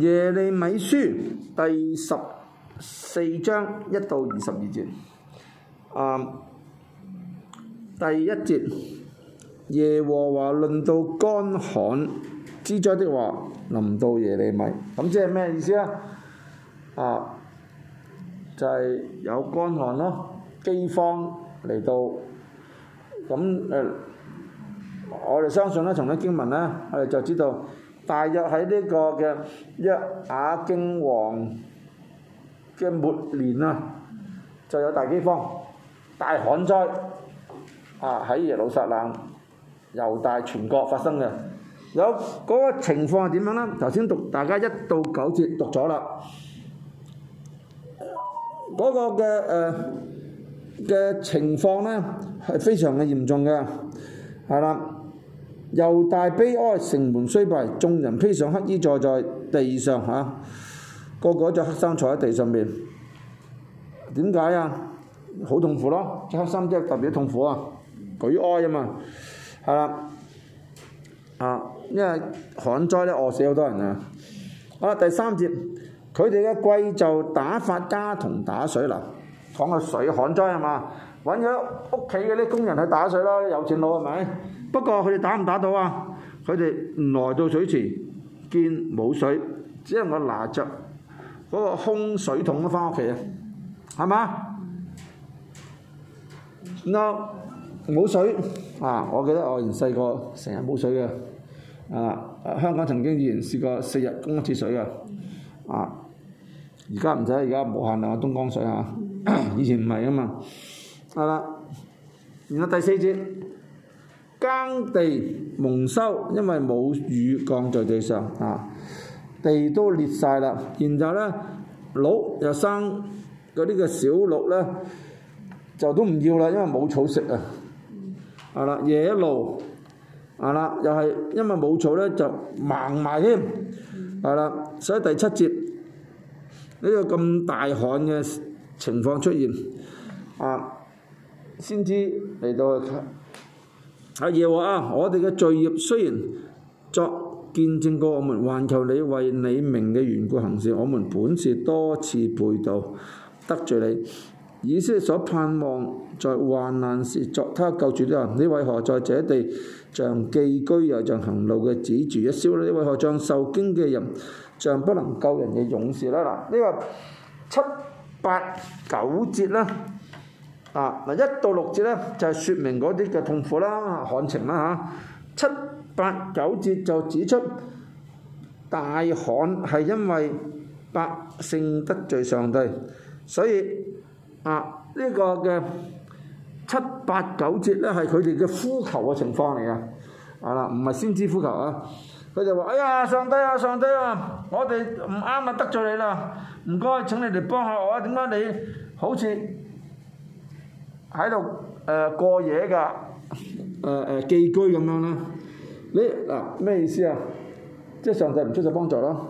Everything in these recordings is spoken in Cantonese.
耶利米書第十四章一到二十二節，啊，第一節，耶和華論到乾旱之災的話臨到耶利米，咁即係咩意思咧？啊，就係、是、有乾旱咯，饑荒嚟到，咁誒、呃，我哋相信咧，從啲經文咧、啊，我哋就知道。大約喺呢、這個嘅約亞敬王嘅末年啊，就有大饑荒、大旱災啊，喺耶路撒冷、猶大全國發生嘅。有、那、嗰個情況係點樣咧？頭先讀大家一到九節讀咗啦，嗰、那個嘅誒嘅情況咧係非常嘅嚴重嘅，係啦。又大悲哀，城門衰敗，眾人披上黑衣，坐在地上嚇、啊。個個就黑衫坐喺地上面，點解啊？好痛苦咯！黑衫即係特別痛苦啊，舉哀啊嘛，係啦，啊，因為旱災咧，餓死好多人啊。好、啊、啦，第三節，佢哋嘅貴就打發家僮打水嚟，講、啊、個水旱災係嘛？搵咗屋企嗰啲工人去打水啦，有錢佬係咪？不過佢哋打唔打到啊？佢哋來到水池，見冇水，只係我拿着嗰個空水桶都翻屋企啊，係嘛？no 冇水啊！我記得我以前細個成日冇水嘅，啊，啊，香港曾經以前試過四日供一次水嘅，啊！而家唔使，而家冇限量嘅東江水啊！ 以前唔係啊嘛。係啦，然後第四節耕地蒙羞，因為冇雨降在地上，啊，地都裂曬啦。然後咧，鹿又生嗰啲嘅小鹿咧，就都唔要啦，因為冇草食啊。係啦，野鹿，係啦，又係因為冇草咧，就盲埋添。係啦，所以第七節呢個咁大旱嘅情況出現，啊。先知嚟到阿阿耶話啊，我哋嘅罪孽雖然作見證過，我們還求你為你名嘅緣故行事。我們本是多次背道得罪你，以色列所盼望在患難時作他救主的人，你為何在這地像寄居又像行路嘅只住一宵呢？你為何像受驚嘅人，像不能救人嘅勇士呢？嗱，呢、這個七八九節啦。啊，嗱一到六節咧就係、是、説明嗰啲嘅痛苦啦、旱情啦、嚇、啊，七八九節就指出大旱係因為百姓得罪上帝，所以啊呢、這個嘅七八九節咧係佢哋嘅呼求嘅情況嚟㗎，啊啦唔係先知呼求啊，佢就話：哎呀上帝啊上帝啊，我哋唔啱啊得罪你啦，唔該請你哋幫下我啊，點解你好似？喺度誒過夜㗎，誒誒、呃呃、寄居咁樣啦，你嗱咩、啊、意思啊？即係上帝唔出手幫助咯、啊，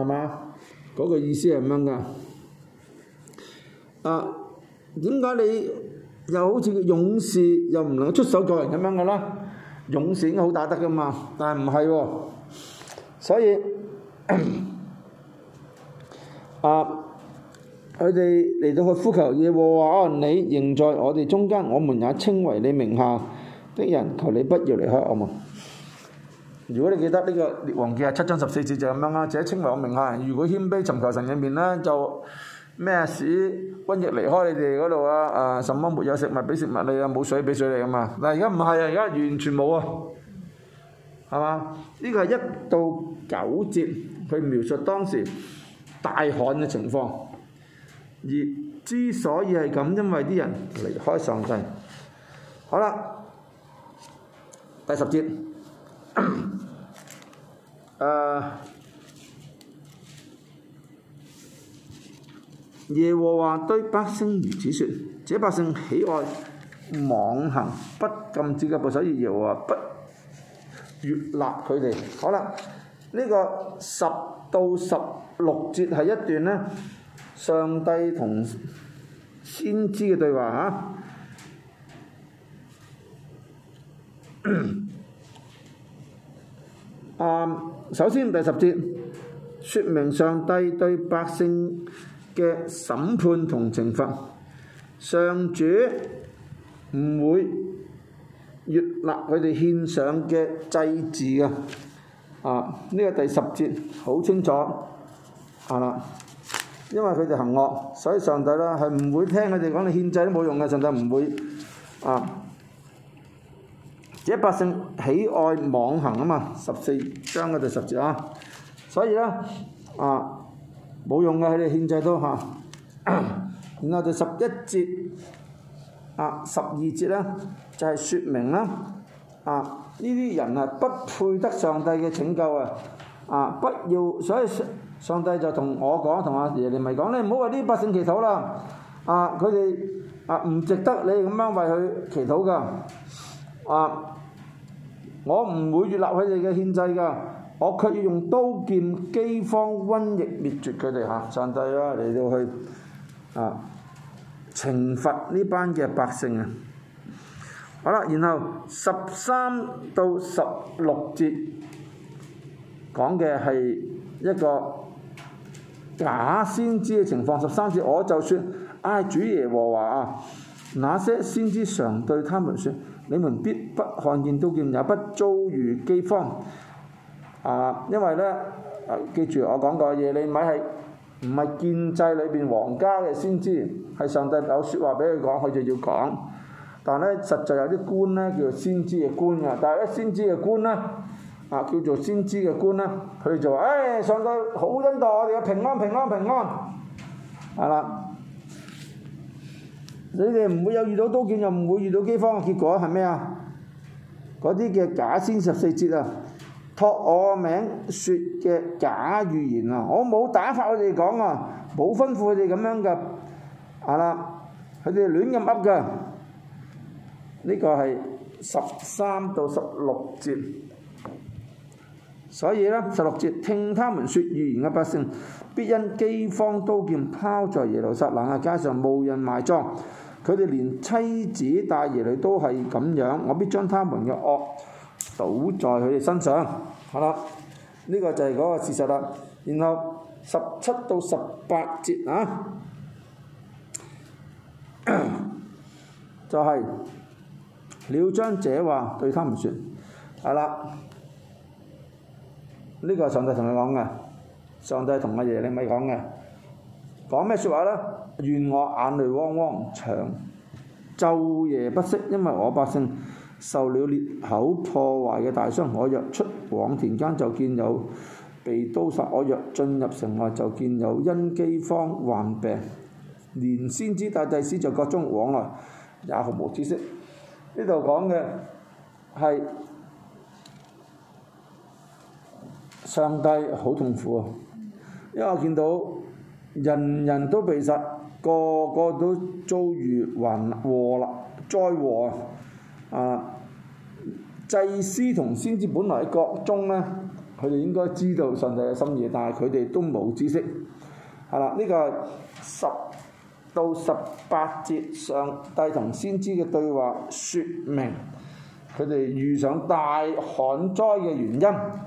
係嘛？嗰、那個意思係咁樣㗎。啊，點解你又好似勇士又唔能夠出手救人咁樣㗎啦？勇士已經好打得㗎嘛，但係唔係喎。所以啊。佢哋嚟到去呼求耶和華，啊！你仍在我哋中間，我們也稱為你名下的人，求你不要離開我們。如果你記得呢個列王記啊七章十四節就係咁樣啦，寫稱為我名下。如果謙卑尋求神嘅面咧，就咩使瘟疫離開你哋嗰度啊？啊什麼沒有食物俾食物你啊，冇水俾水你咁啊？嗱而家唔係啊，而家完全冇啊，係嘛？呢個係一到九節去描述當時大旱嘅情況。而之所以係咁，因為啲人離開上帝。好啦，第十節，誒、 啊，耶和華對百姓如此説：這百姓喜愛妄行、不禁止嘅部首，耶和華不悦納佢哋。好啦，呢、這個十到十六節係一段呢。上帝同先知嘅對話嚇。啊，首先第十節，説明上帝對百姓嘅審判同懲罰。上主唔會悅納佢哋獻上嘅祭祀嘅。啊，呢、這個第十節好清楚，係、啊、啦。因為佢哋行惡，所以上帝咧係唔會聽佢哋講嘅，獻祭都冇用嘅，上帝唔會啊。啲百姓喜愛妄行啊嘛，十四章嘅第十節啊，所以咧啊冇用嘅，佢哋獻祭都嚇、啊。然後就十一節啊、十二節咧，就係、是、説明啦啊，呢啲人啊不配得上帝嘅拯救啊啊，不要所以。上帝就同我講，同阿耶利米講你唔好為呢啲百姓祈禱啦，啊，佢哋啊唔值得你咁樣為佢祈禱噶，啊，我唔會悅納佢哋嘅獻祭噶，我卻要用刀劍、饑荒、瘟疫滅絕佢哋嚇。上帝啦、啊、嚟到去啊，懲罰呢班嘅百姓啊。好啦，然後十三到十六節講嘅係一個。假先知嘅情況，十三節，我就説：，唉，主耶和華啊，那些先知常對他們説：，你們必不看見刀劍，也不遭遇饑荒。啊，因為呢，啊、記住我講過嘢，你咪係唔係建制裏邊皇家嘅先知，係上帝有説話俾佢講，佢就要講。但咧，實際有啲官咧叫做先知嘅官啊。但係咧，先知嘅官呢？叫做先知嘅官啦，佢就話：，唉、哎，上帝好恩待我哋嘅平安，平安，平安，係啦。你哋唔會有遇到刀劍，又唔會遇到饑荒嘅結果，係咩啊？嗰啲嘅假先十四節啊，託我名説嘅假預言啊，我冇打發佢哋講啊，冇吩咐佢哋咁樣嘅，係啦，佢哋亂咁噏嘅。呢、這個係十三到十六節。所以呢，十六節聽他們説預言嘅百姓，必因饑荒刀劍拋在耶路撒冷嘅街上，無人埋葬。佢哋連妻子帶兒女都係咁樣，我必將他們嘅惡倒在佢哋身上。好啦，呢、這個就係嗰個事實啦。然後十七到十八節啊，就係、是、了將這話對他們説。好啦。呢個係上帝同你講嘅，上帝同阿爺？你咪講嘅，講咩説話呢？願我眼淚汪汪長，晝夜不息，因為我百姓受了裂口破壞嘅大傷，我若出往田間就見有被刀殺，我若進入城外就見有因饑荒患病。連先知大祭司在國中往來也毫無知識。呢度講嘅係。上帝好痛苦啊！因為我見到人人都被殺，個個都遭遇患禍啦，災禍啊！啊，祭司同先知本來喺國中咧，佢哋應該知道上帝嘅心意，但係佢哋都冇知識。係啦，呢個十到十八節上帝同先知嘅對話，說明佢哋遇上大旱災嘅原因。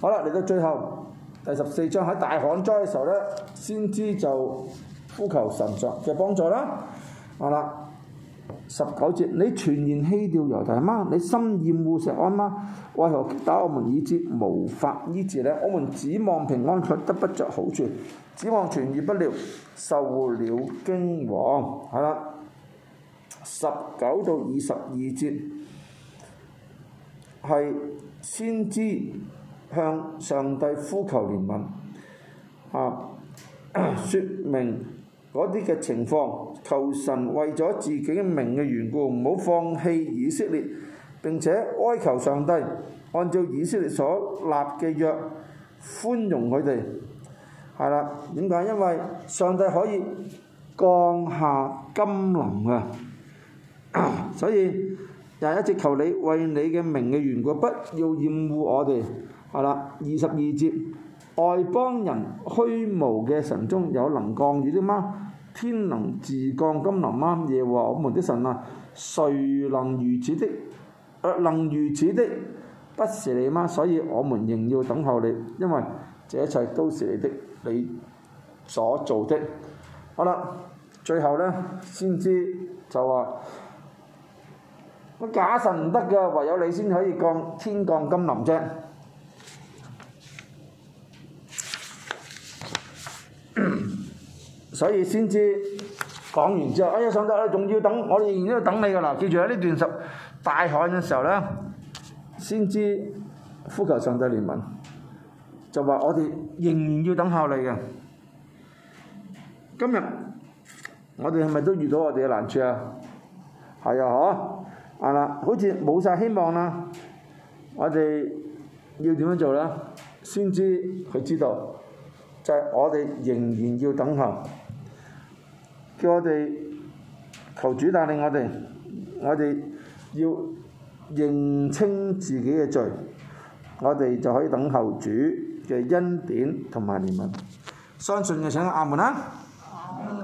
好啦，嚟到最後第十四章，喺大旱災嘅時候咧，先知就呼求神作嘅幫助啦。好啦，十九節，你全然棄掉猶大嗎？你心厭惡錫安嗎？為何打我們以致無法醫治呢？我們指望平安卻得不着好處，指望痊癒不了，受了驚惶。係啦，十九到二十二節係先知。向上帝呼求憐憫，啊，説明嗰啲嘅情況，求神為咗自己嘅名嘅緣故，唔好放棄以色列，並且哀求上帝按照以色列所立嘅約寬容佢哋，係啦，點解？因為上帝可以降下甘霖啊，所以。廿一節，求你為你嘅名嘅緣故，不要厭惡我哋，係啦。二十二節，外邦人虛無嘅神中有能降雨的嗎？天能自降甘霖嗎？耶和華我們的神啊，誰能如此的，能如此的，不是你嗎？所以我們仍要等候你，因為這一切都是你的，你所做的。好啦，最後呢，先知就話。乜假神唔得噶，唯有你先可以降天降甘霖啫。所以先知講完之後，哎呀上帝，我仲要等，我哋仍然要等你噶啦。記住喺呢段十大旱嘅時候咧，先知呼求上帝憐憫，就話我哋仍然要等候你嘅。今日我哋係咪都遇到我哋嘅難處啊？係啊，嗬。啊啦，好似冇晒希望啦！我哋要點樣做咧？先知佢知道，就係、是、我哋仍然要等候，叫我哋求主帶領我哋，我哋要認清自己嘅罪，我哋就可以等候主嘅恩典同埋憐憫。相信就請阿門啦，啊！